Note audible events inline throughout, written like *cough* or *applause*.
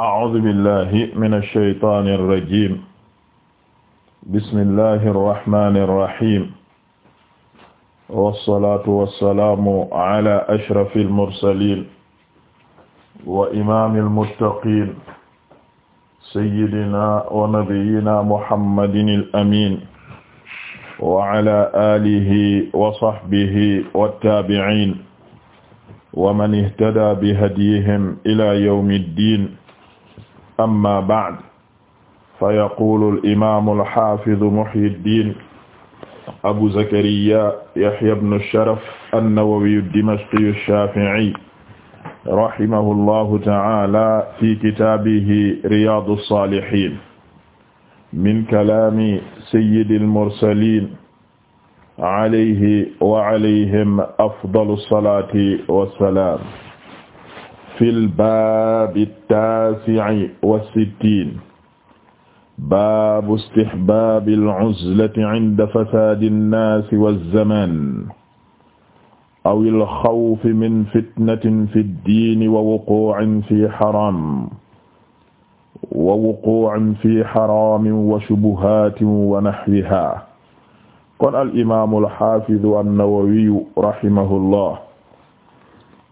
أعوذ بالله من الشيطان الرجيم بسم الله الرحمن الرحيم والصلاة والسلام على أشرف المرسلين وإمام المتقين سيدنا ونبينا محمد الأمين وعلى آله وصحبه والتابعين ومن اهتدى بهديهم إلى يوم الدين amma ba'd fa yaqulu al-imaamu al-haafidu Muhyiddin Abu Zakariya Yahya ibn Sharaf an-Nawawi ad-Dimashqi ash-Shafi'i rahimahullahu ta'ala fi kitaabihi Riyaadu as-Saalihiin min kalaami sayyidil mursaliin alayhi wa alayhim afdalu as-salaati was-salaam fil baabi taasi'i wa sittiin baabu istihbaabi al-'uzlati 'inda fasaadi an-naasi waz-zamaan aw al-xawfi min fitnatin fi ad-diini wa wuquu'in fii haraam wa wuquu'in fii haraamin wa shubuhaatin wa nahwihaa qaala al-imaamu al-haafidu an-nawawiyu rahimahullah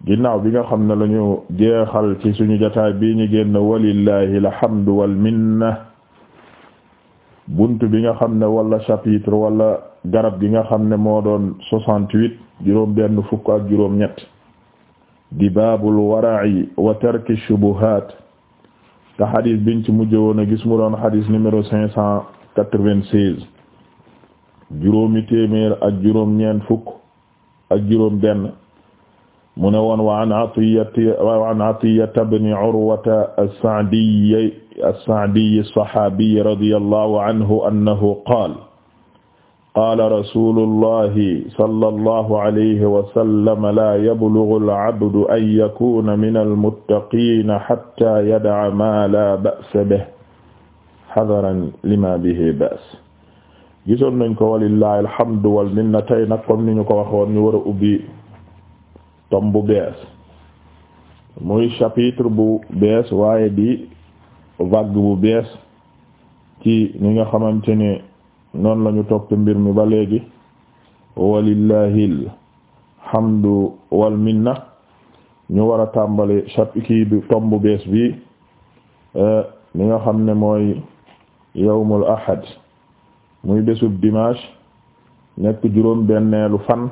ginnaaw bi nga xam ne lañu jeexal ci suñu jotaay bi ñu génn walillahi alhamdu wal minna bunt bi nga xam ne wala chapitre wala garab gi nga xam ne moo doon soixante-huit juróom benn fukk ak juróom ñett di baabul wara'i wa tarki shubuhat te xadis biñ ci mujj woon a gis mu doon xadis numéro cinq cent quatre-vingt-seize juróomi téeméer ak juróom ñeent fukk ak juróom benn mu ne woon wa an atiyati wa an atiyata bni urwata as-sa'diyi as-sa'diyi as-sahabiyi radiyallahu anhu annahu qaala qaala rasulullahi sallallahu alayhi wa sallam laa yablughu al-'abdu an yakuuna mina al-muttaqiina hattaa yada'a maa laa ba'sa bihi hadaran limaa bihi ba's gisoon nañ ko walillahi alhamdu wal minna tey nag comme ni ñu ko waxoon ñu war a ubbi tom bees muy chapitre bu bees waaye di vague bu bees ci ñi nga xamante ne noonu la ñu topp mbir mi ba léegi walillahil hamdu wal ñu war a tàmbali chapitre kii bi bu bees bi ñi eh, nga xam ne mooy yawmul ahad muy bésub dimanche nekk juróom benneelu fan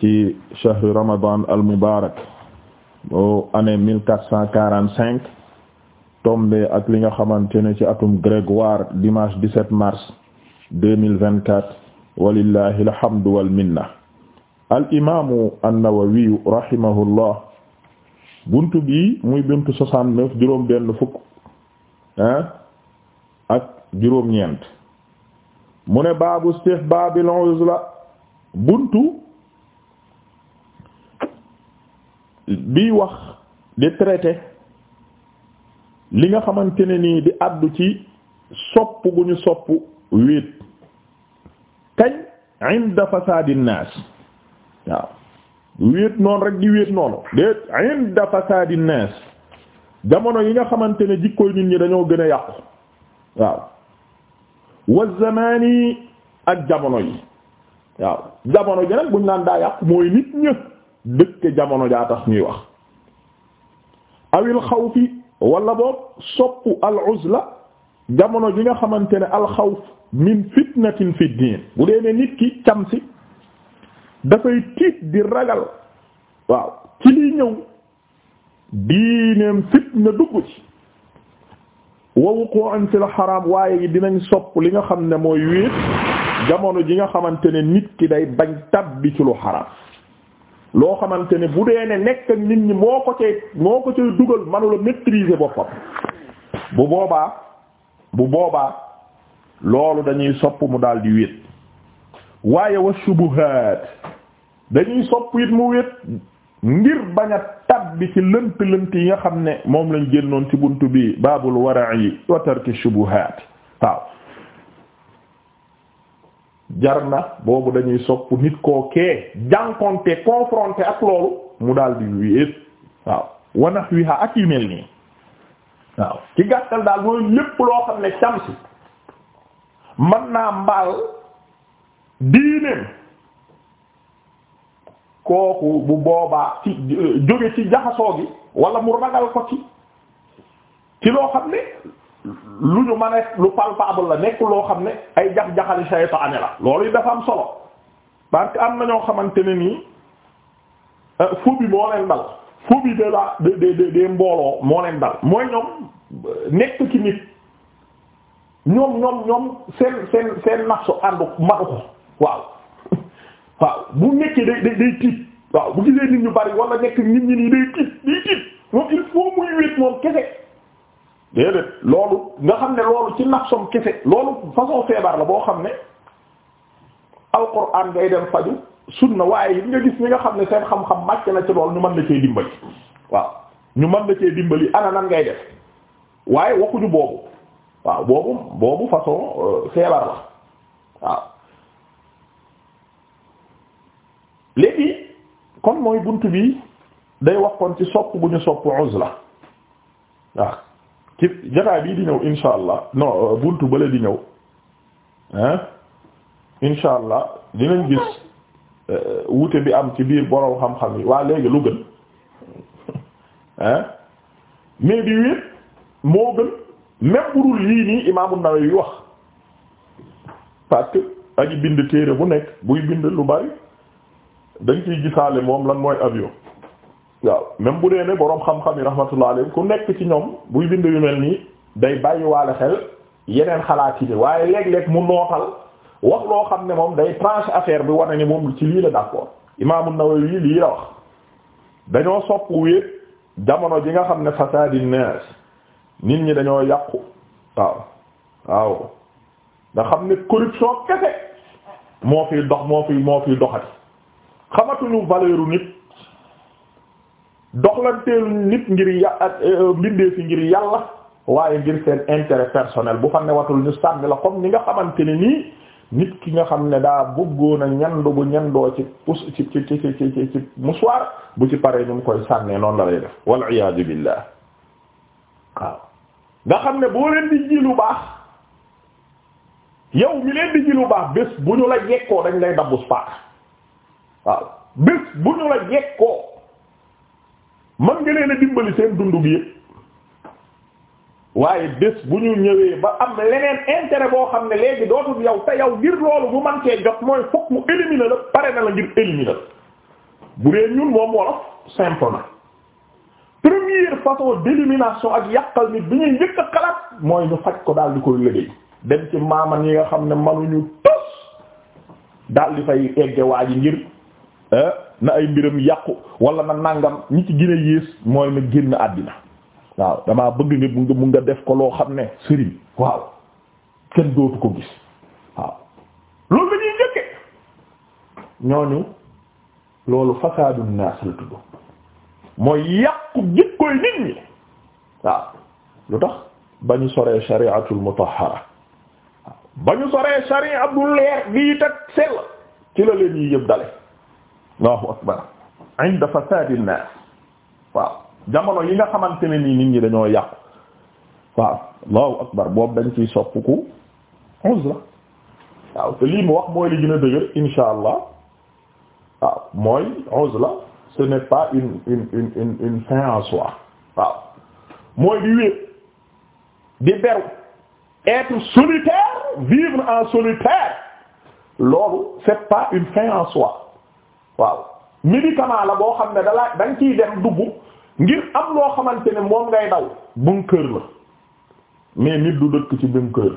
ci shahri ramadan al mubarak boo année mille quatre ak li nga xamante ne ci atum grégoire dimanche 17 mars 2024 walillahi alhamdu wal minna al imaamu an-Nawawi rahimahullah buntu bi muy buntu 69 juróom benn fukk ah ak juróom ñeent mu ne baabu istihbaabil uzla buntu biy wax di traité li nga xamante ne nii di àddu ci sopp gu ñu sopp wéet kañ inda fasaadi naas waaw wéet noonu rek di wéet noonu déet inda fasaadi jamono yi nga xamante ne jikkooy nit ñi dañoo gën a yàqu waaw wa zamaani ak jamono yi waaw jamono ji nag buñ naan daa yàqu mooy nit ñë dëkk jamono jaa tax ñuy wax awil xawfi wala boog soppu al uzla jamono ji nga xamante ne al xawf min fitnatin fi diin bu dee ne nit ki cam si dafay tiit di ragal waaw ci liy ñëw diineem fitna dugg ci wa wuqu'an la haram waaye dinañ sopp li nga xam ne mooy wéet jamono ji nga xamante ne nit ki day bañ tabbi ci lu haram loo xamante ne bu dee ne nekk nit ñi moo ko cay moo ko cay dugal manula maîtriser boppam bu boobaa bu boobaa loolu dañuy sopp mu daldi di wéet waaye wa shubuhat dañuy sopp it mu wéet ngir bañ a tabbi ci lënt lënt yi nga xam ne moom lañ génnoon ci bunt bi baabul wara'i wa tarki shubuhat waaw jar na boobu dañuy sopp nit koo kee jànkonte confronté ak loolu mu daal di wéet waaw wanax wi ha ak yu mel nii waaw ci gàttal daal mooy lépp loo xam ne camsi mën naa mbaal diineem kooku bu boobaa ci euh, jóge ci jaxasoo gi wala mu ragal ko ci ci loo xam ne lu ñu ma a lu palpable la nekk loo xam ne ay jax-jaxali saytaane la loolu yi dafa am solo parce que am na ñoo xamante ne nii phobie euh, moo leen dal phobie de la de de de mbooloo moo leen dal mooy ñoom euh, nekk ki nit ñoom ñoom ñoom seen seen seen nafsu àndu matu ko waaw *laughs* waaw bu nekkee day day tiit waaw bu gisee nit ñu bari wala nekk nit ñi nii day tiit day tiit moom muy wéet moom kese déedéet loolu nga xam ne loolu ci nafsom kese loolu façon feebar la boo xam ne alquran ngay dem faju sunna waaye it nga gis ñi nga xam ne seen xam-xam màcc na ci loolu ñu mën na cee dimbali waaw ñu mën na cee dimbali ana nan ngay def waaye waxuñu boobu waaw boobu boobu façon euh, feebar la waaw léegi kon mooy bunt bi day wax kon ci sopp bu ñu sopp uzla waaw ci jotaay bii di ñëw insha allah no euh, buntu bële di ñëw ah insha allah dinañ gis euh, wuute bi am ci biir borom xam-xam yi waa léegi lu gën ah *laughs* mais bi wéet moo gën même burul lii nii imaamu Nawawi wax parce aji bind téere bu nekk buy bind lu bari dañ ciy gisaale moom lan mooy avion waaw même bu dee ne boroom xam-xam yi rahmatullah alayhi ku nekk ci ñoom buy bind yu mel nii day bàyyi waale xel yeneen xalaat yi ni waaye léeg-léeg mu nootal wax loo xam ne moom day tranché affaire bi wane ni moom ci lii la d'accord Imaam An-Nawawi lii la wax dañoo sopp wéet jamono ji nga xam ne fasaadi naas nit ñi dañoo yàqu waaw waaw nga xam ne corruption kese moo fiy dox moo fiy moo fiy doxati xamatuñu valeur nit doxlanteelu nit ngir ya eh, eh, mbindee fi ngir yàlla waaye ngir seen intérêt personnel bu ne newatul ñu sànni la comme ni nga xamante ne nii nit ki nga xam ne daa bëggoon a bu ñandoo ci pus ci ci ci ci ci musuwaar bu ci paree ñu mu koy sànnee noonu la lay def wal iyaadu billah waaw nga xam ne boo leen di ji lu baax yow mi leen di ji lu baax bés bu ñu la jekkoo dañ lay dabbus paak waaw bés bu ñu la jekkoo mën nga leen a dimbali seen dund gi yëpp waaye bés bu ñu ñëwee ba am leneen intérêt boo xam ne léegi dootul yow te yow ngir loolu bu man cee jot mooy fokk mu éliminer la pare na la ngir éliminer la bu dee ñun moom wolof simple na première façon d'élimination ak yàqal nit bi ñuy njëkk a xalaat mooy ñu faj ko daal di koy liggéey dem ci maaman yi nga xam ne manuñu tos daal di fay egge waa ngir Eh, na ay mbiram yàqu wala na nangam ñi gën a yées mooy na génn àddina waaw damaa bëgg nga mu nga def ko loo xam ne sëriñ waaw kenn dootu ko gis waaw loolu la njëkke ñooñu loolu fasaadu naas la tudd mooy yàqu jikkoy nit ñi waaw lu tax ba ñu soree shari'atul mutahhara waaw ba ñu soree shari'a leer bii tag sell ci la leen yi yëpp dale Allahu akbar inda fasadi nnaas waaw yi nga xamante ne nii nit ñi dañoo yàqu waaw akbar boobu dañ ciy soppiku uzla waaw te mu wax mooy li gën a dëgër allah waaw mooy uzla ce n'est pas une fin en soi waaw mooy di wéet di être solitaire vivre en solitaire loolu c'est pas une fin en soi waaw médicament la boo xam ne dalaa dañ nga ciy dem dugg ngir am loo xamante ne moom ngay daw bunker la mais nit du dëkk ci bunker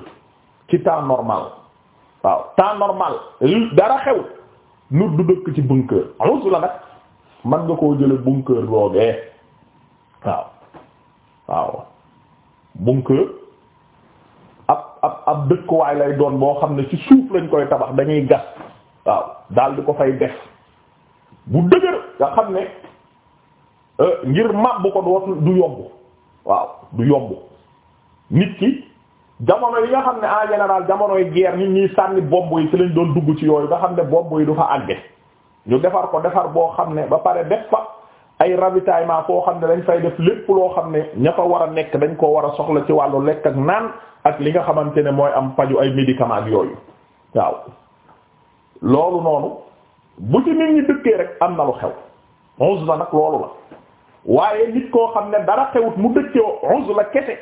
ci temps normal waaw temps normal dara xew nit du dëkk ci bunker amus la nag man nga koo jële bunker boobee waaw waaw bunker ab ab ab dëkkuwaay lay doon boo xam ne ci suuf lañ koy tabax dañuy gas waaw daal di ko fay def bu dëgër nga xam ne euh, ngir màbb ko dootul du yomb waaw du yomb nit ki jamono yi nga xam ne en général jamonoy guerre nit ñi sànni bomb yi ci lañ doon dugg ci yooyu nga xam ne bomb yi du fa àgge ñu defar ko defar boo xam ne ba pare def fa ay ravitaillement foo xam ne dañ fay def lépp loo xam ne ña fa war a nekk dañ koo war a soxla ci wàllu lekk ak naan ak li nga xamante ne mooy am paju ay médicaments yooyu waaw loolu noonu bu ci nit ñi dëkkee rek am lu xew uzla nag loolu la waaye nit koo xam ne dara xewut mu dëkkee uzla kese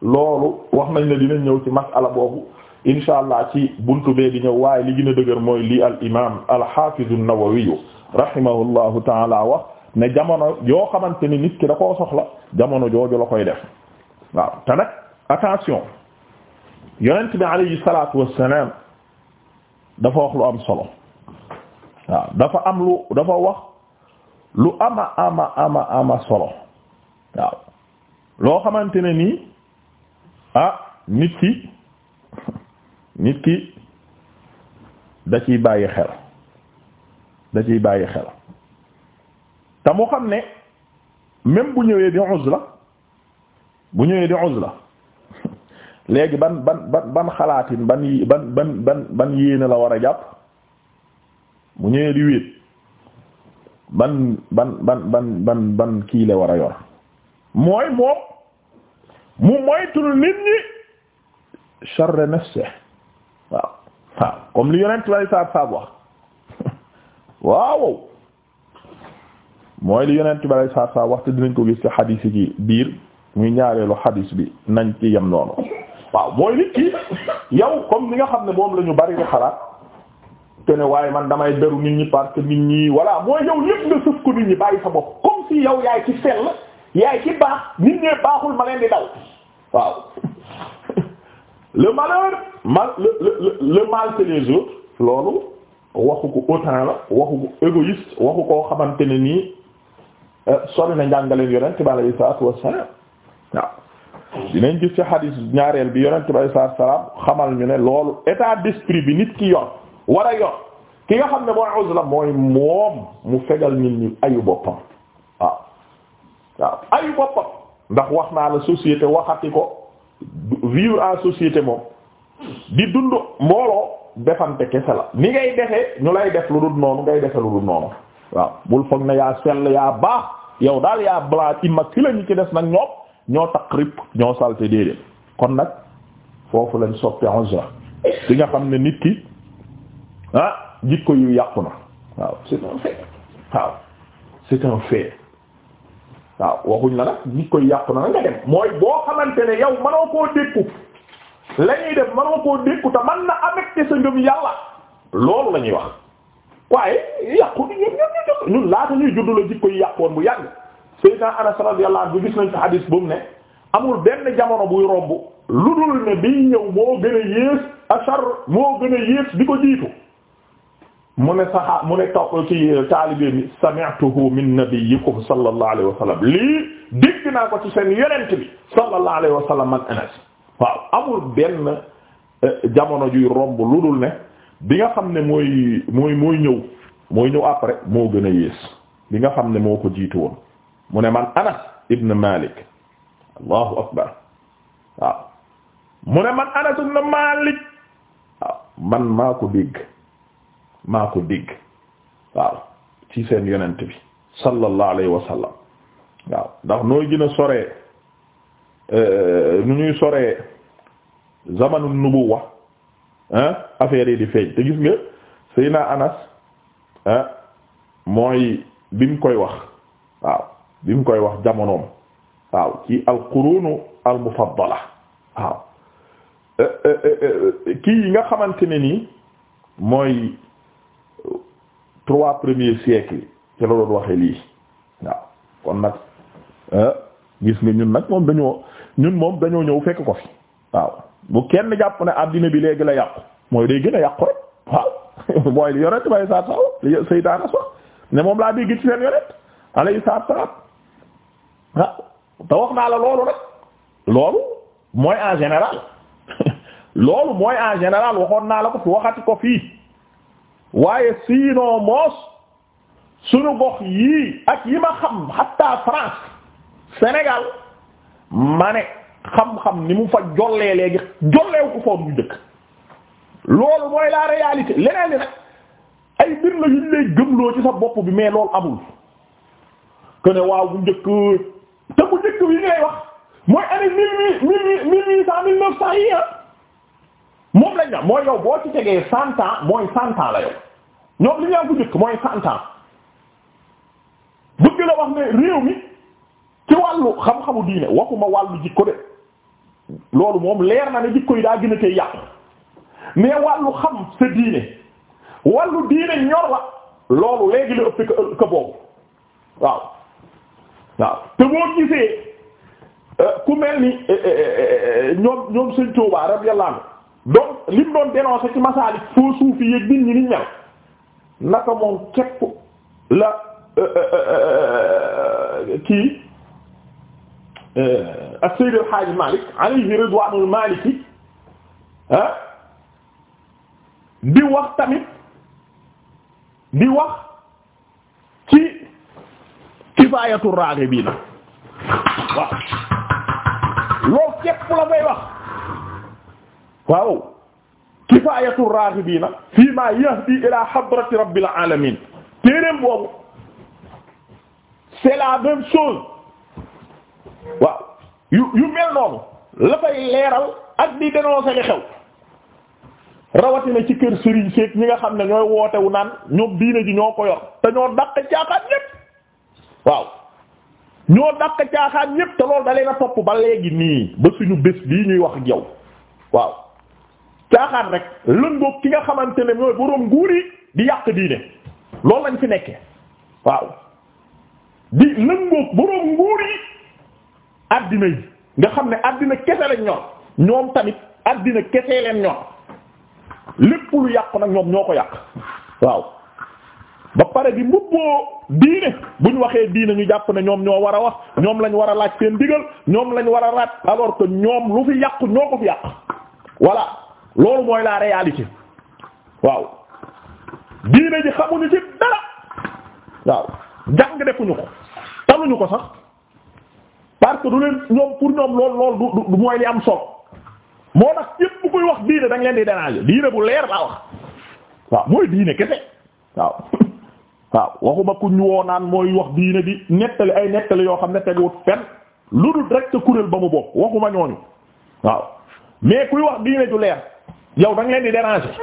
loolu wax nañ ne dina ñëw ci masala boobu insha allah ci bunt bee di ñëw waaye li gën a dëgër mooy lii al imaam al haafiz an-Nawawi rahimahullahu taala wax ne jamono yoo xamante ni nit ki da soxla jamono jooju la koy def waaw te nag attention yonent bi alayhi salaatu wassalaam dafa wax lu am solo waaw dafa am lu dafa wax lu ama ama ama ama solo waaw loo xamante ne nii ah nit ki *laughs* nit ki da ciy bàyyi xel da ciy bàyyi xel te mu xam ne même bu ñëwee di la bu ñëwee di la *laughs* léegi ban ban ban ban xalaatin ban ban ban ban ban yéene la war a jàpp bu ñëwee di wéet ban ban ban ban ban ban kii la war a yor mooy moom mu moytul nit ñi sharre nafse waaw waaw comme li yonent lay saab saab wax *laughs* waaw mooy li dinañ ko gis ci xadiis yi biir muy ñaareelu xadiis bi nañ ci yem noonu waaw mooy nit ki yow comme li nga xam ne moom la ñu bari di xalaat te waaye man damay daru nit ñi parce nit ñi voilà mooy yow lépp nga sëf ko nit ñi bàyyi sa bopp comme si yow yaay ci sell yaay ci baax nit ñee baaxul ma di daw waaw *laughs* le malheur mal le le le mal c'est les loolu waxu ko autant la waxu ko égoïste waxu xamante ne nii euh, sori na njàngaleen yonent bi alayhi salaatu waaw dinañ gis ci hadis ñaareel bi yonent bi alayhi xamal ñu ne loolu état d'esprit bi nit ki yoon war a yor ki nga xam ne mooy la mooy moom mu fegal nit ñi ayu boppam waaw waaw ayu boppam ndax wax naa la société waxati ko vivre à société moom di dund mbooloo defante kese la ni ngay defee ñu lay def lu dul noonu ngay defe lu dul noonu waaw bul foog na yaa sell yaa baax yow daal yaa blanc immaculé ñu ci des nag ñoom ñoo takk rip ñoo salte déedéet kon nag foofu lañ soppi onze di nga xam ne nit ki ah jikko yu yàqu na waaw c'est un fait waaw c'est un fait waaw waxuñ la nag jikko yu yàqu na nag nga dem mooy boo xamante ne yow manoo koo dékku la ñuy def manoo koo dékku te man na affecté sa ngëm yàlla loolu la ñuy wax waaye yàqu ni ñun ñun ñu ñuy juddu la jikko yu yàqoon bu yàgg Sayyidina Anas radiyallahu anhu gis nañ ci hadis bu ne amul benn jamono buy romb lu dul ne biy ñëw moo gën a yées achar moo gën a yées di ko jiitu mu ne saxaa mu ne topp ci euh, taalibe bi sami'tuhu min nabiyyikum sallallahu alayhi wa lii dégg naa ko ci seen yonent bi sallallahu alayhi wa sallam Anas waaw amul benn euh, jamono juy romb lu dul ne bi nga xam ne mooy mooy mooy ñëw mooy ñëw après moo gën a yées bi nga xam ne moo ko jiitu mu ne man Anas ibn Malik allahu akbar mu ne man Anas ibn Malik waaw man maa ko dégg maa ko dégg waaw ci seen yonent bi sallallahu alayhi wa waaw ndax nooy gën sore euh, nu ñuy sore zamanu nubuwa hein affaire yi di feeñ te gis nga Seyna Anas mooy bi mu koy wax waaw bi mu koy wax jamonoom waaw ci alqurunu almufaddala waaw euh, euh, kii yi nga xamante ne nii mooy trois premiers siècles yi ci la waxee lii waaw kon nag euh, gis nga ñun nag moom dañoo ñun moom dañoo ñëw fekk ko fi waaw bu kenn jàpp ne àddina bi léegi la yàqu mooy day gën a yàqu rek waaw *laughs* mooy li yonent bay saat saw ne moom laa dégg ci seen yonent alayhi saat te wax naa la loolu rek loolu mooy en général *laughs* loolu mooy en général waxoon naa la ko fi waxati ko fii waaye siinoo moos suñu gox yii ak yi ma xam hatta France Sénégal ma ne xam-xam ni mu fa jollee léegi jolleewu ko foon bu njëkk loolu mooy la réalité leneen li nag ay mbir la yuñ lay gëmloo ci sa bopp bi mais loolu amul que waaw bu njëkk te bu njëkk yi ngay wax mooy année mille huit mille huit mille huit cent mille neuf cent yi ah moom lañ mooy yow boo ci tegee cent ans mooy cent ans la yow ñoom li ñu am bu njëkk mooy cent ans bëgg wax ne réew mi ci wàllu xam-xamu diine waxuma wàllu jikko de loolu moom leer na ne jikko yi daa gën a tey yàqu mais wàllu xam sa diine wàllu diine ñor la loolu léegi la ka boobu waaw waaw te boo gisee euh, ku mel ni euh, euh, ñoom ñoom sëñ Touba radiyallahu donc li mu doon dénoncé ci masaalik foo suufi yëg nit ñi niñ mel naka moom képp la euh, euh, euh, kii as-Sayyid al-Hajj Malik alayhi ridwaanul Maliki ah di wax tamit di wax ci kifaayatur raagibiina waaw loolu képp la koy wax waaw kifaayatu raaxibiina fii maa yahdi ila hadrati rabbil alamin téereem boobu c'est la même chose waaw yu yu mel noonu la leeral ak di dénoncer li xew rawatina ci kër Serigne Seck ñi nga xam ne ñooy wootewu naan ñoo diine ji ñoo ko yox te ñoo dàq caaxaan ñépp waaw ñoo dàq caaxaan ñépp te loolu da leen topp ba léegi nii ba suñu bés bii ñuy wax ak waaw caaxaan rek lëngoog ki nga xamante ne mooy boroom nguur yi di yàq diine loolu lañ fi nekke waaw di lëngoog boroom nguur yi àddina yi nga xam ne àddina kese lañ ñor ñoom tamit àddina kese leen ñor lépp lu yàq nag ñoom ñoo ko yàq waaw ba pare bi mbubboo diine buñ waxee diine ñu jàpp ne ñoom ñoo war a wax ñoom lañ war a laaj seen digal ñoom lañu war a raat alors que ñoom lu fi yàqu ñoo ko fi yàq voilà loolu mooy la réalité waaw diine ji xamuñu ci dara waaw jàng defuñu ko taluñu ko sax parce du leen ñoom pour ñoom lool lool du mooy li am solo moo tax yépp bu koy wax diine da nga leen di déranger diine bu leer laa wax waaw mooy diine kese waaw *laughs* waaw waxuma ku ñu woo naan mooy wax diine di nettali ay nettali yoo xam ne teguwut fen lu dul rek ca kuréel ba mu bokk waxuma ñooñu waaw mais kuy wax diine ju leer yow da nga leen di déranger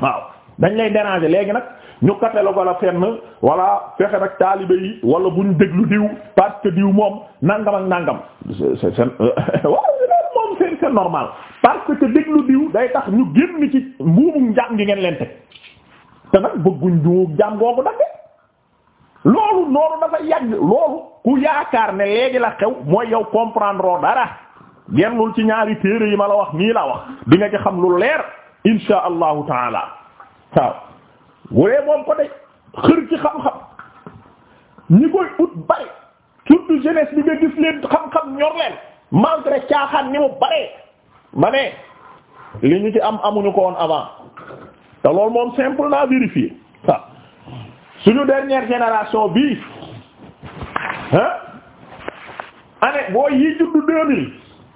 waaw dañ lay déranger léegi nag ñu katale wala fenn wala fexe nag taalibe yi wala buñ déglu diw parce que diw moom nangam ak nangam c'est euh, *laughs* waaw moom c'est c'est normal parce que déglu diw day tax ñu génn ci mbuumu njaam gi ngeen leen teg te nag bëgguñ diw jaam googu dagge loolu noonu dafa yàgg loolu ku yaakaar ne léegi la xew mooy yow comprendre dara. gennul ci ñaari téere yi ma la wax nii laa wax di ci xam lu leer insha allahu taala waaw moom ko de xër ci xam-xam ñi koy ut bari surtout jeunesse bi nga gis xam-xam ñor leen malgré caaxaan ni mu baree ma ne li ñu ci am amuñu ko woon avant te loolu moom simple na vérifier waaw suñu dernière génération bii hein année boo yi juddu deux mille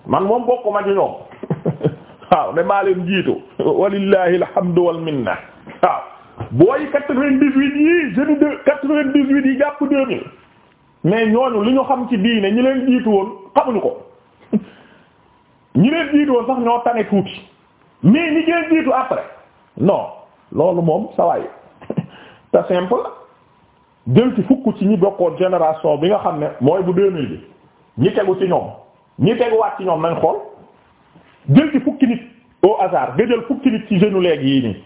man moom bokkuma ci ñoom *laughs* waaw ne maa leen jiitu walillahi alhamdu wal waaw booy quatre-vingt-dix-huit yi jeune de quatre-vingt-dix-huit yi jàpp deux mille mais ñooñu li ñu xam ci diine ñi leen jiitu woon xamuñu ko *laughs* ñu leen jiitu woon sax ñoo tane tuuti mais ñi leen jiitu après non loolu moom sawaay *laughs* te simple jël ci fukk ci ñi bokkoon génération bi nga xam ne mooy bu deux mille bi ñi tegu ci ñoom ñi teguwaat ci ñoom nañ xool jël ci fukki nit au hasard nga jël fukki nit ci jeune léegi yii nii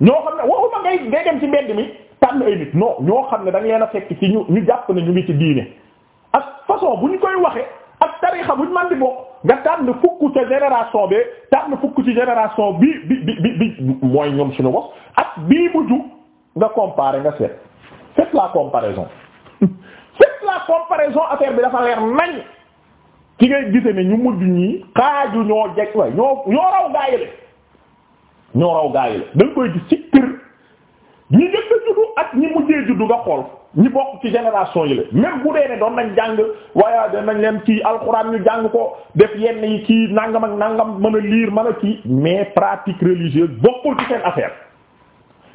ñoo xam ne waxuma ngay ngay dem ci mbedd mi tànn ay nit non ñoo xam ne da nga leen a fekk ci ñu ñu jàpp ne ñu ngi ci diine ak façon bu ñu koy waxee ak tarixa bu ñu man di bokk nga tànn fukk fukk ci génération bi bi bi bi mooy ñoom suñu wax ak bii mujj nga comparer nga seet faites la comparaison *laughs* faites affaire bi dafa leer nañ ci ngay gise ne ñu mujj ñii xaaju ñoo jeg wa ñoo ñoo raw gaayale ñoo raw gaayale da nga koy gis ci kër ñi njëkk a juddu ak ñi mujjee juddu nga xool ñi bokk ci génération yi la même bu dee ne doon nañ jàng waaye nañ leen kii alxuraan ñu jàng ko def yenn yi kii nangam ak nangam mën a liir mën a kii mais pratique religieuse bokkul ci seen affaire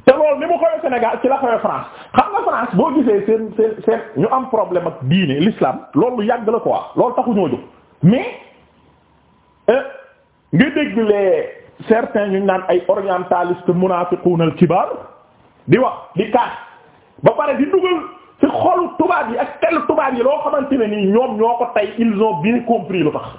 te loolu ni mu xëyoo Sénégal ci la xëyoo France xam nga France boo gisee seen seen seen ñu am problème ak diine l'islam loolu yàgg la quoi loolu taxu ñoo jóg mais euh, nga dégg les certains ñu naan ay orientalistes munafiqun al kibar di wax di kaas ba pare di dugal ci xolu tubaab yi ak tell tubaab yi loo xamante ne nii ñoom ñoo ko tey ils ont bien compris lu tax.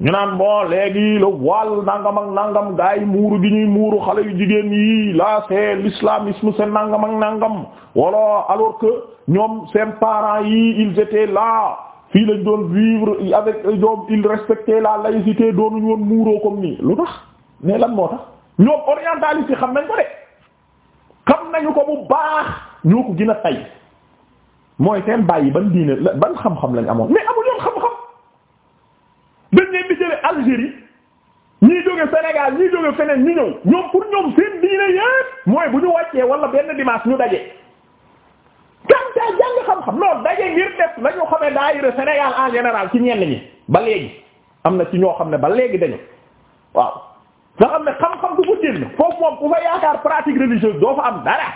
ñu naan bon léegi le voile nangam ak nangam gaa yi muuru gi ñuy muuru xale yu jigéen yi là c'est l'islamisme c'est nangam ak nàngam wala alors que ñoom seen parents yi ils étaient là fii lañ doon vivre avec ñoom ils respectaient la laïcité doonuñu woon muuroo comme nii lu tax mais lan moo tax ñoom orientalistes yi xam nañ ko de xam nañu ko bu baax ñoo ko gën tay mooy seen bàyyi ban diine ban xam-xam lañ amoon mais amul xam-xam ngeen di jële Algérie ñii jóge Sénégal ñii jóge feneen ñu ñëw ñoom pour ñoom seen diine yépp mooy bu ñu wàccee wala benn dimanche ñu daje kamtaa jàng xam-xam non daje ngir def la ñu xamee daayira Sénégal en général ci ñenn ñi ba léegi am na ci ñoo xam ne ba léegi dañu waaw nga xam ne xam-xam du ko génn foofu moom ku fa yaakaar pratique religieuse doo fa am dara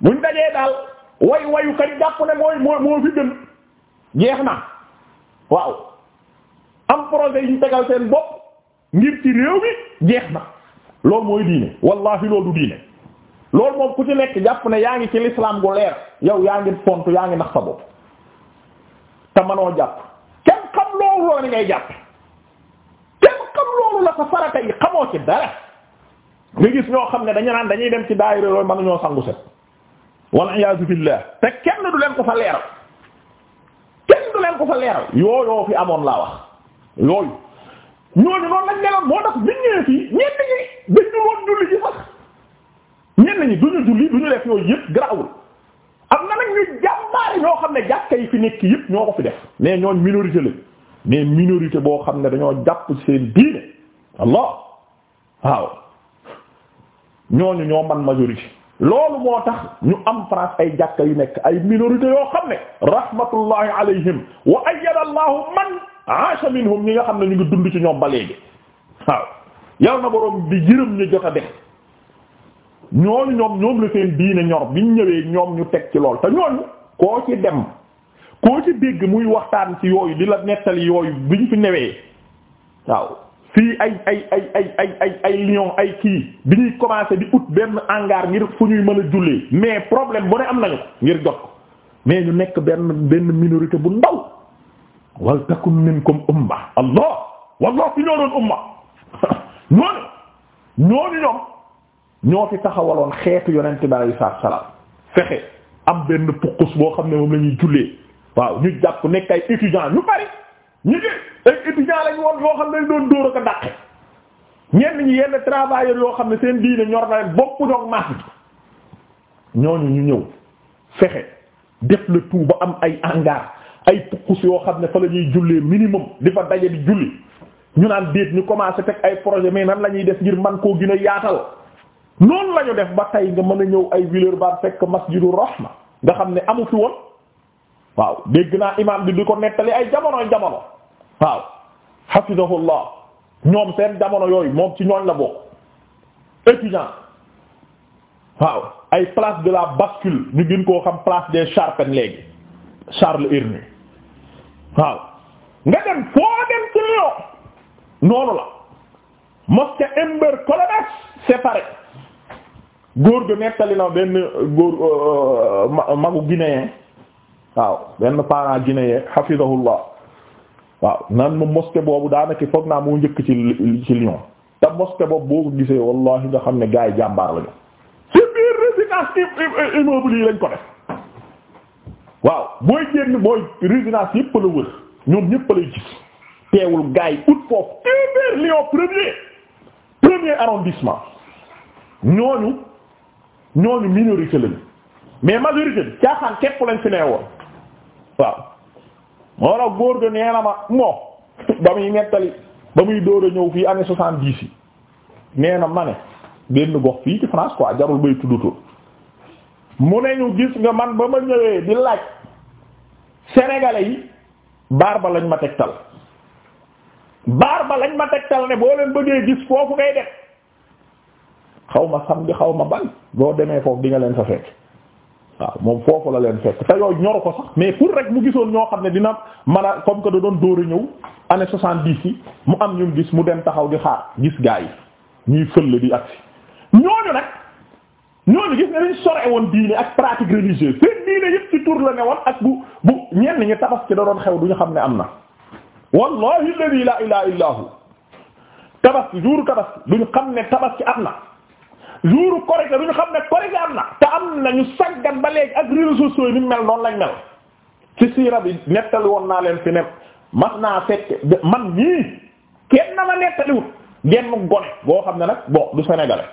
buñ dajee daal way wayu kañ jàpp ne mooy moo moo fi gën jeex na waaw am projet yi ñu tegal seen bopp ngir ci réew mi jeex na loolu mooy diine wallahi loolu du diine loolu moom ku ci nekk jàpp na yaa ngi ci l'islam gu leer yow yaa ngi font yaa ngi nax sa bopp te manoo jàpp kenn xam loolu loolu ngay la sa farata yi xamoo ci dara nga gis ñoo xam ne dañu naan dañuy dem ci daayira yooyu mën ñoo sangu set wal iyaazu billah te kenn du leen ko fa leeral kenn du leen ko fa leeral yoo fi amoon laa wax yooyu ñooñu noonu lañ meloon moo tax biñ ñëwee fii ñenn ñi dañ ñu julli ci sax def yooyu yëpp garaawul am na nag ñu jàmbaare ñoo xam ne jàkka yi fi nekk yëpp ñoo ko fi def mais ñooñ minorité lañ mais minorité boo xam ne dañoo jàpp seen diine Allah waaw ñooñu ñoo man majorité loolu moo tax ñu am France ay jàkka yu nekk ay minorité yoo xam ne rahmatullahi alayhim wa ayyada Allahu man ah aasha minhum ñi nga xam ne ñu ngi dund ci ñoom ba léegi waaw yal na boroom bi yërëm ñu jot a def ñooñu ñoom ñoom la seen diine ñor biñ ñëwee ñoom ñu teg ci lool te ñooñu koo ci dem koo ci dégg muy waxtaan ci yooyu di la nettali yooyu bi ñu fi newee waaw fii ay ay ay ay ay ay ay Lyon ay kii bi ñuy commencé di ut benn hangar ngir fu ñuy mën a jullee mais problème bu ne am nañu ngir jot ko mais ñu nekk benn benn minorité bu ndaw wal takun minkum umma allah wallah fi ñoo doon umma *laughs* ñooñu ñooñu ñoom ñoo fi taxawaloon xeetu yonent bi alayhi salaam fexe am benn pukkus boo xam ne moom la jullee waaw ñu jàpp nekk ay étudiants ñu bari ñu ngi ay étudiants lañ woon yoo xam ne doon dóor ak dàqe ñenn ñi yenn travailleurs yoo xam ne seen diine ñor na leen bokku ñoog maas ñooñu ñu ñëw fexe def le tout ba am ay hangar ay pukkus yoo xam ne fa la ñuy jullee minimum di fa daje di julli ñu naan déet ñu commencé teg ay projet mais nan la ñuy def ngir man koo gën a yaatal noonu la def ba tey nga mën a ñëw ay Villeurbanne fekk masjidu rahma nga xam ne amu fi woon waaw dégg naa imam bi di ko nettali ay jamonoy jamono waaw hafizahullah ñoom seen jamono yooyu moom ci ñooñ la bokk étudiant waaw ay place de la bascule ñu gën koo xam place des Charpennes léegi Charles Hernu waaw nga dem foo dem ci Lyon noonu la mosquée Imber Colombes c'est góor gi nettali na benn góor euh, magu guinéen waaw benn parent guinéen hafizahullah waaw nan mu boobu daanaka foog naa moo njëkk ci ci Lyon te mosquée boobu boo ko gisee wallahi nga xam ne gars yi jàmbaar lañu ci biir résidence immeuble yi lañ ko def waaw booy génn mooy résidence yëpp la wër ñoom ñëpp lay gis teewul gars yi ut foofu téeméer lion premier premier arrondissement ñooñu ñooñu minorité mais majorité bi caaxaan képp lañ fi nee waaw moo la góor ga nee na ma moo ba muy nettali ba muy dóor ñëw fii année soixante-dix yi nee na ma ne benn gox fii ci France quoi jarul bay tuddutul mu ne ñu gis nga man ba ma ñëwee di laaj sénégalais yi baar ba lañ ma tegtal baar ba lañ ma tegtal ne boo leen bëggee gis foofu ngay def xaw ma samedi xaw ma bal boo demee foofu di nga leen fa fekk waaw moom foofu la leen fekk te yooyu ñoru ko sax mais pour rek mu gisoon ñoo xam ne dina man a comme que da doon dóor ñëw année soixante-dix yi mu am ñu gis mu dem taxaw di xaar gis gaa yi ñuy fël di agsi ñooñu nag ñooñu gis ne dañ sore woon diine ak pratique religieuse seen diine yëpp ci tur la ne woon ak bu bu ñenn ñu tabas ci da xew du ñu xam ne am na wallahi alladhi la ilaha illa hu tabaski jour tabaski duñu xam ne ci am na jour korite duñu xam ne korite am na te am na ñu saggan ba léegi ak réseaux sociaux yi ni mel noonu lañ mel ci siira bi nettali woon naa leen fi ne mas naa fekk man ñii kenn na ma nettaliwut genn gone boo xam ne nag bon du sénégalais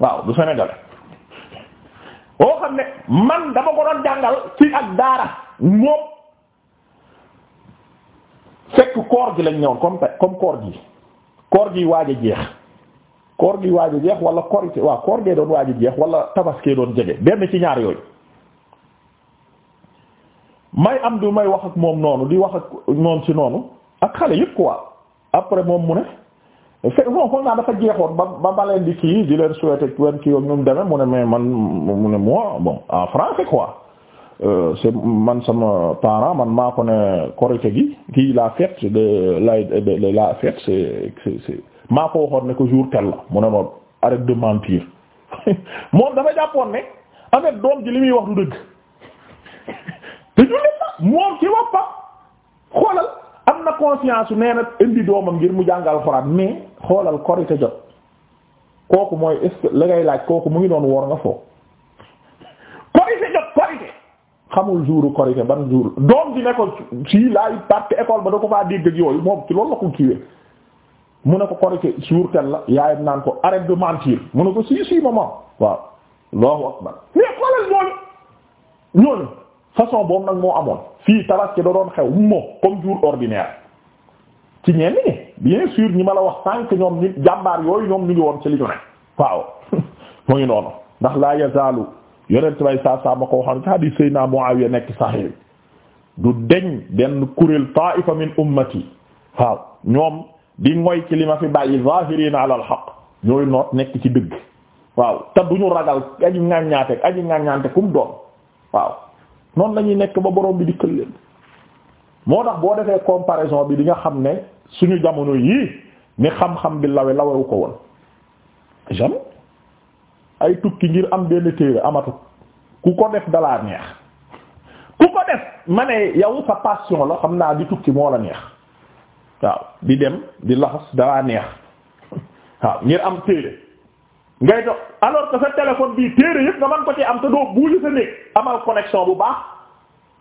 waaw du sénégalais boo xam ne man dama ko doon jàngal ci ak daara moom fekk koor gi lañ ñëwoon comme comme koor gi koor gi waaj jeex koor gi waaj a jeex wala koor waaw koor gee doon waaj a jeex wala tabaskee doon jege benn ci ñaar yooyu may am du may wax ak moom noonu di wax ak moom ci noonu ak xale yëpp quoi après moom mu ne fekk moom foog naa dafa jeexoon ba ba ba leen di kii di leen souhaiter wen kii yoon ñoom mu ne mais man mu ne moi bon en français quoi euh, c'est man sama parent man maa ko ne korite gi kii la fête la de la maa ko waxoon ne ko jour tel la mu ne ma arrête de mentir *laughs* moom dafa jàppoon ne en doom ji li muy wax du dëgg *laughs* te jullit la moom ci woppa xoolal am na conscience su nee indi doomam ngir mu jàngal Alxuraan mais. xoolal korite jot kooku mooy la ngay laaj kooku mu ngi doon woor nga foofu korite jot korite xamul jouru korite ban jour doom di ne ko si laay parce école ba da ko faa dégg ak yooyu moom ci loolu na ko kiiwee mu ne ko korite jour tel la yaayam naan ko arrête de mentir mu ne ko si si maman waaw allahu akbar mais xoolal ñooñu ñooñu façon boobu nag moo amoon fii tabaski da doon xew moo comme jour ordinaire ci ñenn ñi bien sûr ñi ma la wax sànq ñoom ñi jàmbaar yooyu ñoom ñu ngi woon ci li ñu ne waaw *laughs* mu ngi noonu ndax laa yazaalu yonent bay saa saa ma ko waxoon ci hadith Seydina Muawiya nekk sahih du deñ benn kuréel ta'ifa min ummati waaw ñoom di ngoy ci li ma fi bàyyi zahirina ala al ñooy noot nekk ci dëgg waaw te duñu ñu ragal aji ŋàññaate aji ŋàññaante kum doon waaw noonu lañuy nekk ba borom bi dikkal leen moo tax boo defee comparaison bi di nga xam ne suñu jamono yii ni xam-xam bi lawe lawewu ko woon jamais ay tukki ngir am benn téere amatu ku ko def dalaa neex ku ko def ma ne yow sa passion la xam naa di tukki moo la neex waaw di dem di laxas dalaa neex *laughs* waaw ngir am téere ngay dox alors que sa téléphone bii téere yëpp nga mën ko ci am te doo buuli sa néeg amal connexion bu baax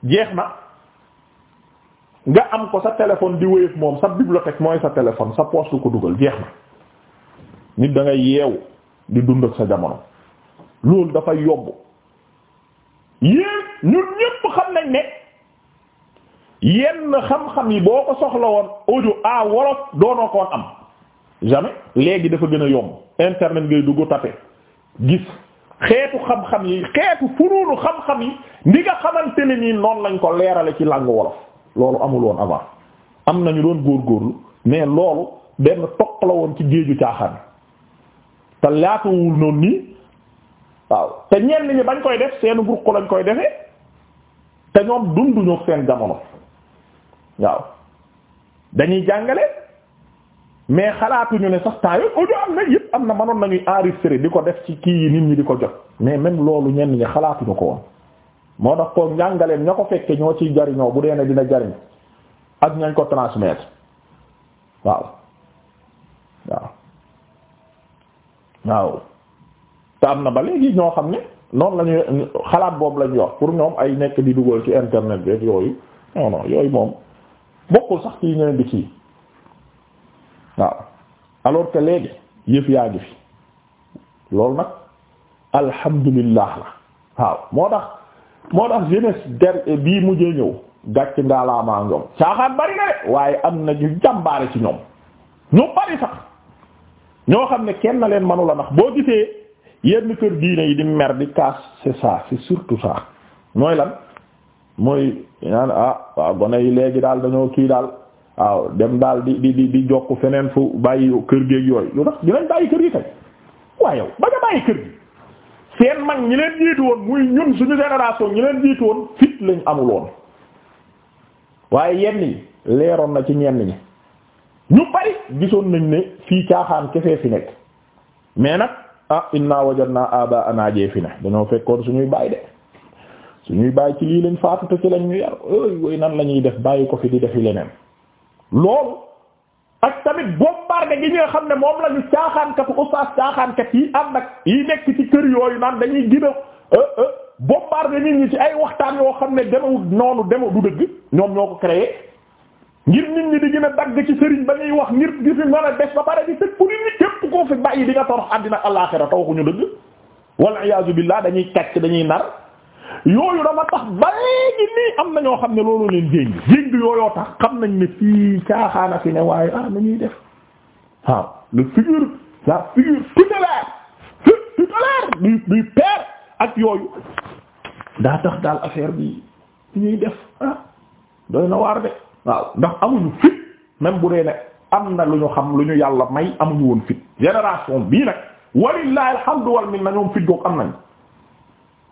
jeex na nga am ko sa téléphone di wéyeef moom sa bibliothèque mooy sa téléphone sa poche lu ko dugal jeex na nit da yeewu di dund ak sa jamono loolu dafa yomb yéen ñun ñépp xam nañ ne yenn xam-xam yi boo ko soxla woon audio a wolof doonoo ko am jamais léegi dafa gën a yomb internet ngay dugg tape gis xeetu xam-xam yi xeetu furuunu xam-xam yi ndi nga xamante ne nii noonu lañ ko leerale ci langue wolof loolu amuloon woon avant am nañu doon góorgóorlu mais loolu benn toq la woon ci géeju caaxaan te laatuwul noonu nii waaw te ñenn ñi bañ koy def seen ruq lañ koy defee te ñoom dunduñu seen jamono waaw dañuy jàngale mais xalaatuñu ne sax temps yooyu audio am na yëpp am na mënoon nañuy enregistrer di ko def ci kii yi nit ñi di ko jot mais même loolu ñenn ñi xalaatuñu ko woon. moo tax ko njàngaleem ña ko fekkee ñoo ciy jariñoo bu dee ne dina jariñ ak ñañ ko transmettre waaw waaw waaw te am na ba léegi ñoo xam ne noonu la xalaat boobu lañuy wax pour ñoom ay nekk di dugal ci internet bi yooyu non non yooyu moom bokkul sax ci ñeneen di kii waaw alors que léegi yëf yaa ngi fi loolu nag alhamdulillah la waaw moo tax. moo tax jeunesse der bii mujjee ñëw gàcc ngaa laa maa bari na de waaye am na ñu jàmbaare ci ñoom ñu bari sax ñoo xam ne kenn leen manula ndax boo gisee yenn kër diine yi di mer di kaas c'est ça c'est surtout ça mooy lan mooy ñaan ah waaw gone yi léegi daal dañoo kii daal waaw dem daal di di di jokk feneen fu bàyyi kër géeg yooyu lu tax dinañ bàyyi kër gi kay waaye yow ba bàyyi kër gi seen mag ñi leen jiitu woon muy ñun suñu génération ñi leen jiitu woon fit lañ amul woon waaye yenn yi leeroon na ci ñenn ñi ñu bari gisoon nañ ne fii caaxaan kefee fi nekk mais nag ah inna wajadna aba anajee fi ne dañoo fekkoon suñuy baay de suñuy baay ci lii lañ faatu te ci lañ ñu yar ooy nan la ñuy def bàyyi ko fi di defi leneen loolu ak tamit bombardé gi nga xam ne moom la ñu caaxaankat oustaz caaxaankat yi am nag yi nekk ci kër yooyu naan dañuy gën a euh, euh, bombardé nit ñi ci ay waxtaan yoo xam ne demewul noonu deme du dëgg ñoom ñoo ko créé ngir nit ñi di gën a dagg ci sëriñ ba ñuy wax ngir gi fi mën a ba pare di tëj pour nit ñi képp koo fi bàyyi di nga torox àddina ak àllaaxira taw waxuñu dëgg wal iyaazu billaah dañuy kàcc dañuy nar. yooyu dafa tax ba nii am na ñoo xam ne loolu leen jéng jéng yooyoo tax xam nañ ne fii caaxaana fi ne waaye ah na ñuy def waaw le figure la figure tutélaire tutélaire du du ak yooyu daa tax daal affaire bi ñuy def ah doy na waar de waaw ndax amuñu fit même bu dee ne am na lu ñu xam lu ñu yàlla may amuñu woon fit génération bii nag walillahi alhamdu wal minna ñoom fit goog am nañ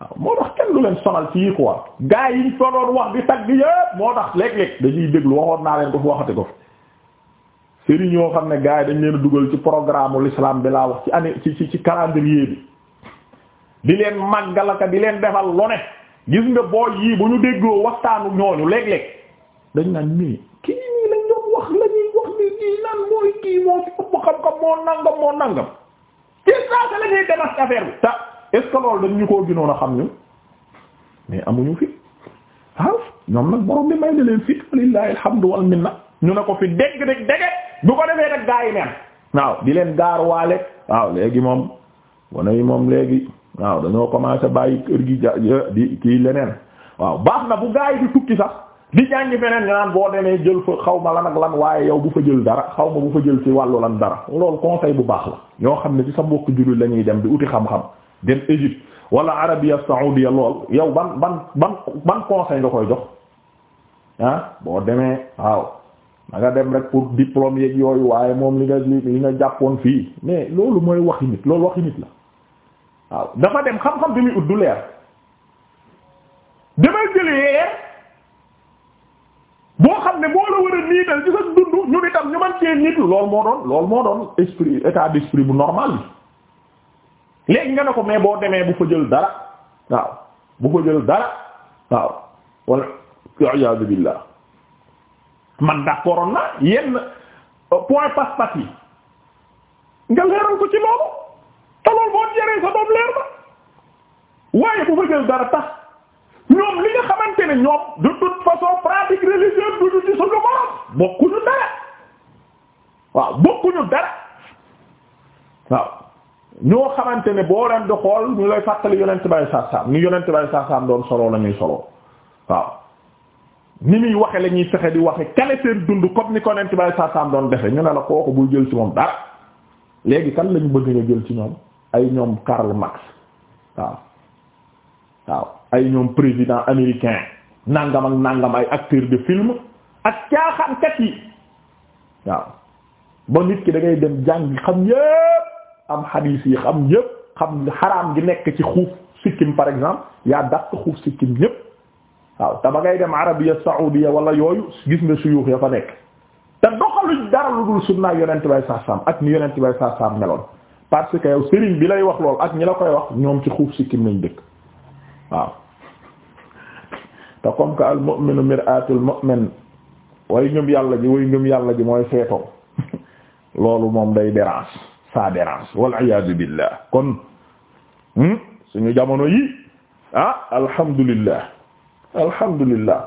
waaw moo tax kenn du leen sonal ci yi quoi gaa yi ñu sonoon wax di tagg yëpp moo tax léeg-léeg dañuy déglu waxoon naa leen ko fi waxate ko fi sëriñ yoo xam ne gaa yi dañ leen dugal ci programme l'islam bi laa wax ci année ci ci ci calendrier bi di leen màggalaka di leen defal lone gis nga booy yii bu ñu dégloo waxtaanu ñooñu léeg-léeg dañ naan mii kii la ñuy wax ni moo ci ëpp xam-xam moo nangam moo nangam ci saa sa la ñuy affaire bi est-ce que ñu koo ginoon a xam ñu mais amuñu fit waaw ah, ñoom nag borom bi may na leen fit walillahi alhamdu wal minna ñu ne ko fi dégg dégg dégg bu ko defee nag gaa yi neen waaw di leen gaar waale waaw léegi moom wane yi moom léegi waaw dañoo commencé bàyyi kër gi ja di kii leneen waaw baax na bu gaa yi tukki sax di jàngi feneen nga naan boo demee jël fa xaw ma lan ak waaye yow bu fa jël dara xaw ma bu fa jël ci wàllu lan dara loolu conseil bu baax la ñoo xam ne mbokk jullit la ñuy dem di uti xam dem Égypte wala Arabia Saoudia lool yow ban ban ban ban conseil nga koy jox ah boo demee waaw na nga dem rek pour diplôme yeeg yooyu waaye moom li nga li nga jàppoon fii mais loolu mooy waxi nit loolu waxi nit la waaw dafa dem xam-xam bi muy ut du leer demal jëlee boo xam ne boo la war a niital ci sa dund ñu itam ñu mën cee nit loolu moo doon loolu moo doon esprit état d'esprit bu normal bi léegi nga ne ko mais boo demee bu fa jël dara waaw bu fa dara waaw wala iyaazu billah man d'accord na yenn euh, point passe-passe yi nga leeral ko ci loolu te loolu boo jëree sa doom leer ba waaye bu fa dara tax ñoom li nga xamante ne ñoom de façon pratique religieuse du ci suñu borom bokkuñu dara waaw bokkuñu dara waaw ñoo xamante ne boo leen di xool ñu lay fàttali yonent bay saasaam ñu yonent bay saasaam doon solo la ñuy solo waaw ni muy waxe la ñuy fexe di waxe kale seen dund comme ni ko yonent bay saasaam doon defe ñu ne la kooku buy jël ci moom dara léegi kan lañu ñu bëgg jël ci ñoom ay ñoom Karl Marx waaw waaw ay ñoom président américain nangam ak nangam ay acteur de film ak caaxaankat yi waaw ba nit ki da dem jàng xam yépp am xadiis yi xam ñépp xam xaraam gi nekk ci xuuf sikkim par exemple yaa daq xuuf sikkim ñépp waaw te ba ngay dem Arabia Saoudia wala yooyu gis nga suyuux ya fa nekk te doxaluñ dara lu dul sunna yonent bay saa ak ni yonent bay saa saam meloon parce que yow sëriñ bi lay wax lool ak ñi la koy wax ñoom ci xuuf sikkim lañ dëkk waaw te comme que al mu'minu mir'atul mu'min way ngëm yàlla ji way ngëm yàlla ji mooy feetoo *laughs* loolu moom day dérange sa dérange wal iyaadu billah kon hmm, suñu jamono yi ah alhamdulillah alhamdulillah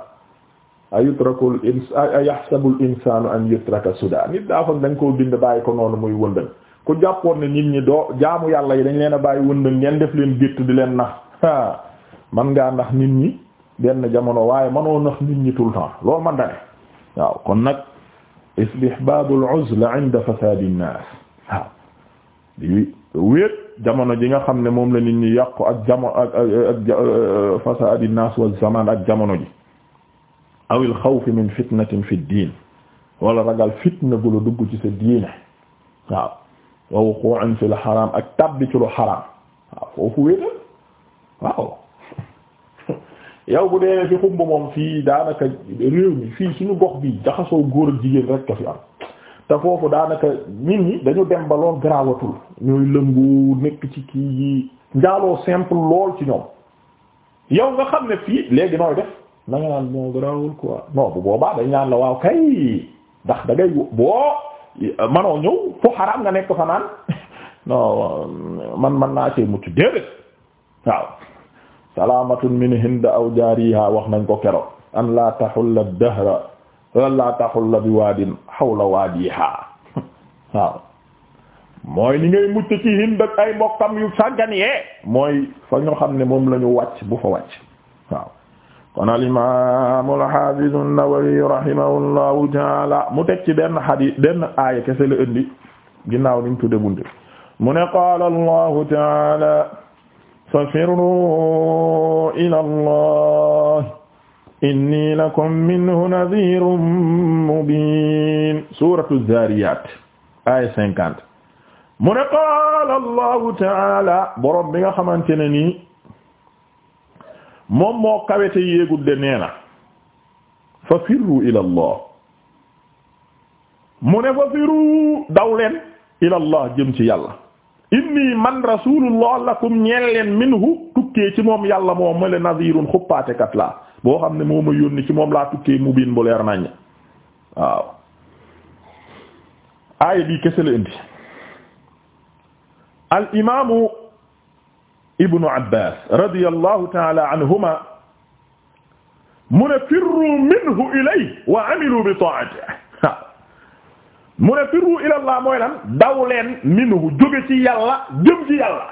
ayutrakul ins ayahsabul insanu an yutraka suda nit daa foog dañ koo bind bàyyi ko noonu muy wëndën ku jàppoon ne nit ñi doo jaamu yàlla yi dañ leen a bàyyi wëndën ngeen def leen gétt di leen nax man ngaa ndax nit ñi benn jamono waaye manoo nax nit ñi tout le temps loolu man dane waaw kon nag istihbabul uzla inda fasadi nnaas waaw di wéet jamono ji nga xam ne moom la nit ñi yàqu ak jamono ak ak euh, naas wa ak jamono ji awil xawfi min fitnatin fi diin wala ragal fitna gu la dugg ci sa diine waaw wa wuqu'an fil xaraam ak tabbi ci lu xaraam waaw foofu wéetal waaw *laughs* yow bu dee fi xumb moom fii daanaka réew mi fii suñu gox bi jaxasoo góor ak jigéen rek fi am te foofu daanaka nit yi dañu dem ba lool garawatul ñooy lëngu nekk ci kii yi njaaloo simple lool ci ñoom yow nga xam ne fii léegi nooy def na nga naan moo garawul quoi non bu boobaa dañ naan la waaw kay ndax da ngay boo manoo ñëw fu xaraam nga nekk fa *laughs* man man naa see mucc déedéet waaw salaamatun min hind aw jaariha wax nañ ko keroog an la taxulla dahra laa taxul la bi waadin xawla waadiha *laughs* waaw mooy ni ngay mucc ci Hind ay mbokkam yu sàggan yee mooy fa ñoo xam ne moom lañu ñu wàcc bu fa wàcc waaw kon al imaam al haafiz an-Nawawi rahimahullahu mu teg ci benn xadiis benn kese la indi ginnaaw niñ tudde bunde mu ne qaala allahu taala fa firru ila allah inni lakum minhu nadhirun mubin suratu zariyat aya cinquante mu ne taala borom bi nga xamante ne nii moom moo kawete yéegudde nee na fa firru ila allah mu ne fa firru daw leen ila allah ci yàlla inni man rasulullah lakum ñeel minhu tukkee ci moom ma le nadhirun xuppaatekat la boo xam ne moo ma yónni ci moom laa tukkee mu biin bu leer naññ aaya bi kese la al imaamu ibnu abbas radiyallahu taala anhuma mu firru minhu ilay wa amilu bi ta'atihi mu ne firru ilallah mooy lan daw leen minhu jóge ci yàlla jëm ci yàlla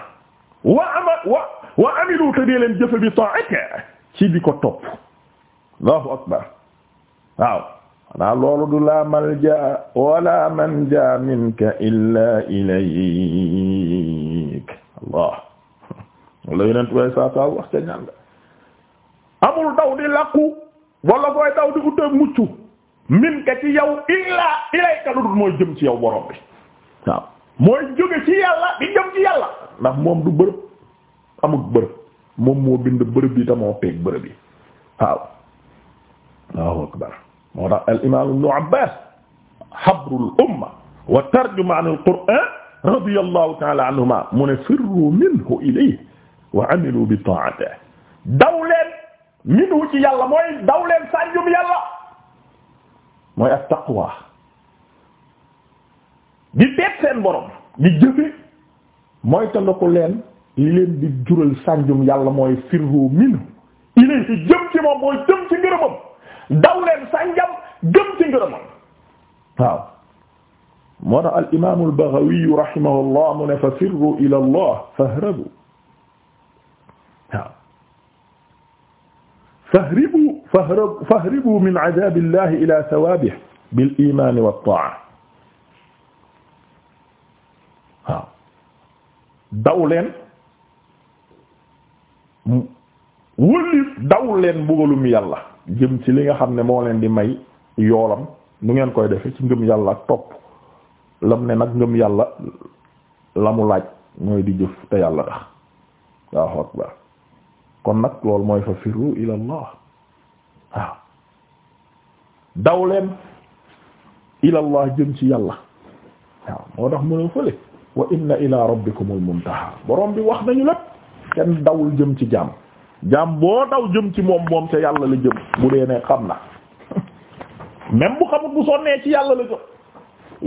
wa ama wa wa amilu te dee bi ta'atihi ci di ko topp Allahu akbar waaw xanaa loolu du la malja wala manja minka illa ilayk allah wala yonent way saa wax ca ñaan amul daw di làqu wala koy daw di uta muccu minka ci yow illa ilayka lu dul mooy jëm ci yow borom bi mooy jóge ci yàlla di jëm ci yàlla ndax moom du bërëb amul bërëb moom moo bind bërëb yi te moo peeg Allahu akbar moo tax al imam ibnu abbas habrul umma wa tarjuma an al qur'an radiyallahu ta'ala anhuma mu ne firru minhu ilayhi wa amilu bi ta'atihi daw leen minhu ci yàlla mooy daw leen sànjum yàlla mooy ak taqwa di teet seen borom di jëfe mooy tandaku leen li leen di jural sànjum yàlla mooy firru minhu ilayhi jëm ci moom mooy jëm ci ngërëmam daw leen sànjam gëm ci ngërëmam waaw moo tax al imaamu al Baghawi rahimahullah mu ne fa firru ila Allah fahrabu waaw fahribu fahrabu fahribu min adaabi Allah ila thawaabihi bil iimaani wat taa'a waaw daw leen wëlif daw leen mbugalum yàlla jëm ci li nga xam ne moo leen di may yoolam nu ngeen koy defe ci ngëm yàlla ak topp lam ne nag ngëm yàlla lamu laaj mooy di jëf te yàlla tax waaw akbar kon nag loolu mooy fa firru ila allah waaw daw leen ila allah jëm ci yàlla waaw moo tax mënoo fële wa inna ila rabbikumul muntaha boroom bi wax nañu lépp kenn dawul jëm ci jàmm jaam boo daw jëm ci moom moom ca yàlla la jëm bu dee ne xam na *laughs* même bu xamut bu sonnee ci yàlla la jëm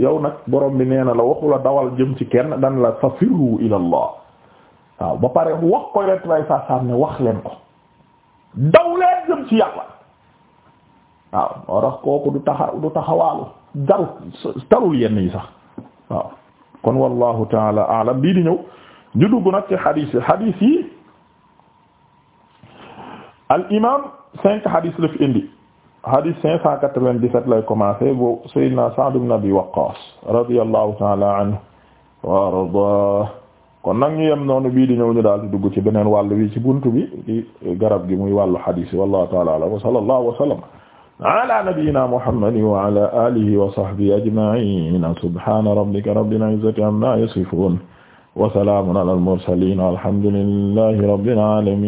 yow nag borom bi nee na la waxu la dawal jëm ci kenn dan la fafirru ila allah waaw ba pare wax ko rek lay saa saam wax leen ko daw leen jëm ci yàlla waaw moo tax kooku du taxawaalu daru darul yenn yi sax waaw kon wallahu taala alam bii di ñëw ñu dugg nag ci xadiis yi xadiis yi al imam cinq hadith la fi indi hadith cinq cent quatre-vingt-dix-sept lay commencé bu sayyidina Sa'd ibn Abi Waqqas radiyallahu ta'ala anhu wa arda kon nag ñu yem noonu bii di ñëw ñu daal di dugg ci beneen wàll wi ci buntu bi ci garab gi muy wàllu hadith wallahu ta'ala ala wa sallallahu wa sallam ala nabiyyina muhammadin wa ala alihi wa sahbihi ajma'in subhana rabbika rabbil izzati amma yasifun wa salamun ala al mursalin alhamdulillahi rabbil alamin